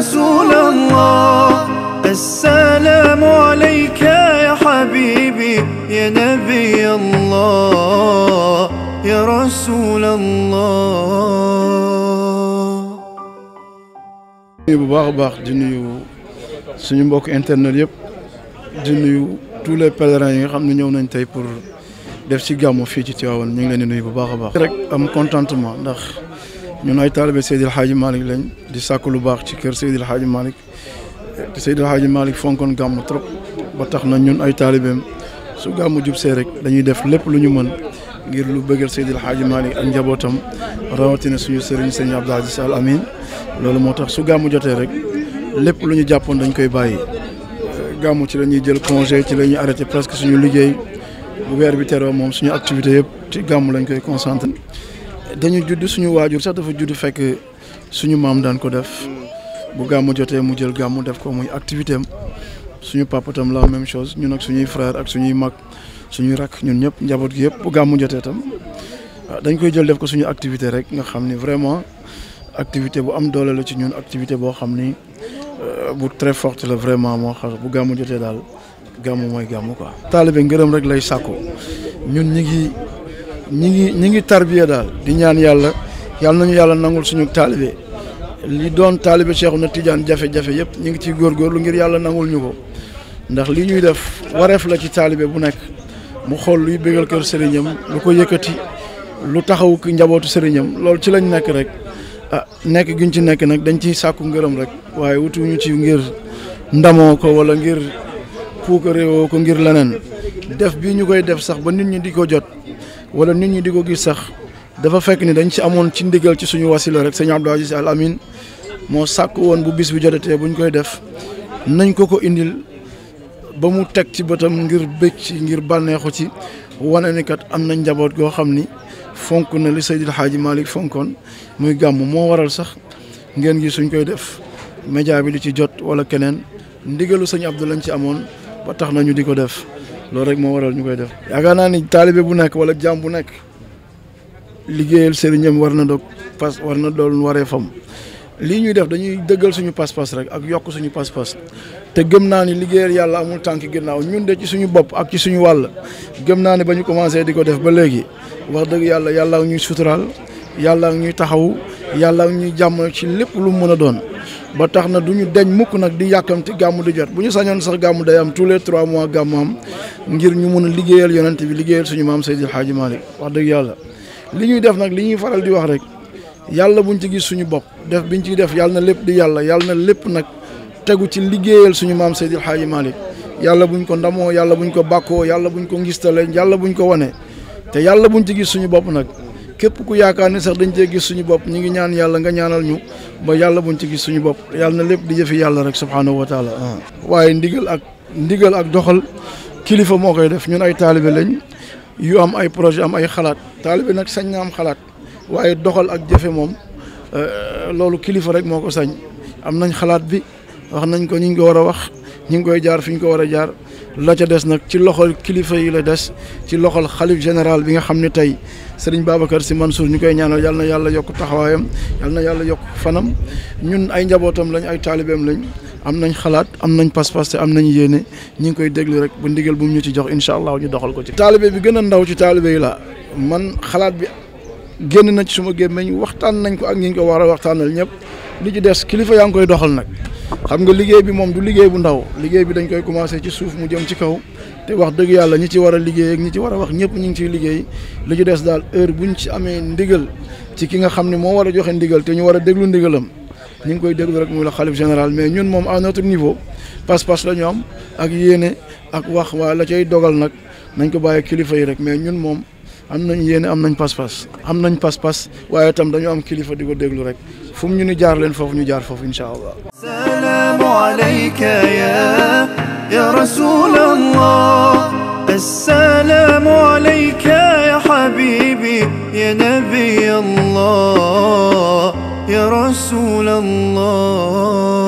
رسول الله السلام عليك يا حبيبي يا نبي الله يا رسول الله bu baax a baax di nuyu suñu mbokk internet yëpp di nuyu tous les pèlerins yi nga xam ne ñëw nañ tey pour def ci gàmmu fii ci Tivaouane ñu ngi leen di nuyu bu baax a baax rek am contentement ndax ñun ay taalibe Seydil Hadji Malick lañ di sàkk lu baax ci kër Seydil Hadji Malick te Seydil Hadji Malick fonkoon gàmm trop ba tax na ñun ay taalibeem su gàmmu jub see rek dañuy def lépp lu ñu mën ngir lu bëggal Seydil Hadji Malick ak njabootam rawatina suñu sëriñ sëñ Abdou Aziz Al Amin loolu moo tax su gàmmu jotee rek lépp lu ñu jàppoon dañ koy bàyyi gàmmu ci la ñuy jël congé ci la ñuy arrêté presque suñu liggéey bu weer bi teroo moom suñu activité yëpp ci gàmmu lañ koy concentré dañu judd suñu wajur sax dafa judd fekk suñu mam daan ko def bu gamu joté mu jël gamu def ko muy activité suñu papa tam la même chose ñun ak suñuy frère ak suñuy mag suñuy rak ñun ñep njaboot gi bu gamu joté tam ah, dañ koy jël def ko suñu activité rek nga xamni vraiment activité bu am doole la ci ñun activité des xamni euh, bu très forte la vraiment mo bu gamu joté dal gamu quoi. rek lay ñun ñi ngi ñi ngi ñi ngi tarbiya daal di ñaan yàlla yàlla nañu yàlla nangul suñu taalibe li doon taalibe Cheikh na Tidiane jafe-jafe yëpp ñu ngi ciy góorlu ngir yàlla nangul ñu ko ndax li ñuy def wareef la ci taalibe bu nekk mu xool luy bégal kër sëriñam lu ko yëkkati lu taxaw njabootu sëriñam loolu ci lañ nekk rek ah nekk giñ ci nekk nag dañ ciy sàkku ngërëm rek waaye wutuñu ci ngir ndamoo ko wala ngir puukaréewoo ko ngir leneen def bi ñu koy def sax ba nit ñi di ko jot wala nit ñi di ko gis sax dafa fekk ni dañ ci amoon ci ndigal ci suñu wasila rek sëñ Abdou Aziz Al Amin moo sàkk woon bu bis bi bu ñu koy def nañ ko ko indil ba mu teg ci bëtam ngir bëgg ci ngir bànneexu ci wane ni kat am na njaboot goo xam ni fonk na li Seydil Hadji Malick fonkoon muy gàmm moo waral sax ngeen gi suñ koy def média bi di ci jot wala keneen ndigalu sëñ Abdou lañ ci amoon ba tax nañu di ko def Lorek rek moo waral ñukay def yaakaar ni talibé bu nek wala jamm bu nek liggéeyal sëriñam warna pass pas war na waré fam li ñuy def dañuy dëggal suñu pas-pas rek ak yokk suñu pas-pas te gëm na ni liggéeyal yalla amul tanki ginnaaw ñun de ci suñu bop ak ci suñu wall gëm na ni bañu commencé diko def ba légui wax dëgg yalla yalla ak ñuy sutural yalla ak ñuy taxaw yalla ñuy jamm ci lepp lu mëna doon ba taxna duñu deñ mukk nak di yakamti gamu du jot buñu sañon sax gamu day am tous les 3 mois ngir ñu mun a liggéeyal yonante bi liggéeyal suñu maam Seydi El Hadji Malick wax dëgg yàlla li ñuy def nag li ñuy faral di wax rek yàlla buñ ci gis suñu bopp def biñ ciy def yàlla na lépp di yàlla yàlla na lépp nag tegu ci liggéeyal suñu maam Seydi El Hadji yàlla buñ ko ndamoo yàlla buñ ko bàkkoo yàlla buñ ko ngistale yàlla buñ ko wane te yàlla buñ ci gis suñu bopp nag képp ku yaakaar ni sax dañ cee gis suñu bopp ñu ngi ñaan yàlla nga ñaanal ñu ba yàlla buñ ci gis suñu bopp yàlla na lépp di jëfi yàlla rek subhaanahu wa taala waaye ndigal ak ndigal ak doxal kilifa moo koy def ñun ay taalibe lañ yu am ay projet am ay xalaat taalibe nag sañ na am xalaat waaye doxal ak jëfe moom loolu kilifa rek moo ko sañ am nañ xalaat bi wax nañ ko ñu ngi wax ñu koy jaar fi ko war jaar la ca des nag ci loxol kilifa yi la des ci loxol xalif général bi nga xam ne tey sëriñ Babacar Sy Mansour ñu ñaanal yal na yàlla yokk taxawaayam yal na yàlla yokk fanam ñun ay njabootam lañ ay taalibeem lañ. am nañ xalaat am nañ pas-pas te am nañ yéene ñu ngi koy déglu rek ba ndigal bu mu ñu ci jox incha allah ñu doxal ko ci. taalibe bi gën a ndaw ci taalibe yi la man xalaat bi génn na ci suma gémmeñ waxtaan nañ ko ak ñi ñu ko war a waxtaanal ñëpp li ci des kilifa yaa ngi koy doxal nag xam nga liggéey bi moom du liggéey bu ndaw liggéey bi dañ koy commencé ci suuf mu jëm ci kaw te wax dëgg yàlla ñi ci war a liggéey ak ñi ci war a wax ñëpp ñu ngi ciy liggéey li ci des daal heure buñ ci amee ndigal ci ki nga xam ne moo war a joxe ndigal te ñu war a déglu ndigalam ñu ngi koy déglu rek muy la xalif général mais ñun moom à notre niveau pas-pas la ñu am ak yéene ak wax waaye la cay dogal nag nañ ko bàyyi kilifa yi rek mais ñun moom am nañ yéene am nañ pas-pas am nañ pas-pas waaye itam dañu am kilifa di ko déglu rek fu mu ñu ni jaar leen foofu ñu jaar foofu incha allah. salaamu alayka ya ya allah السلام عليك ya habibi ya nabi allah يا رسول الله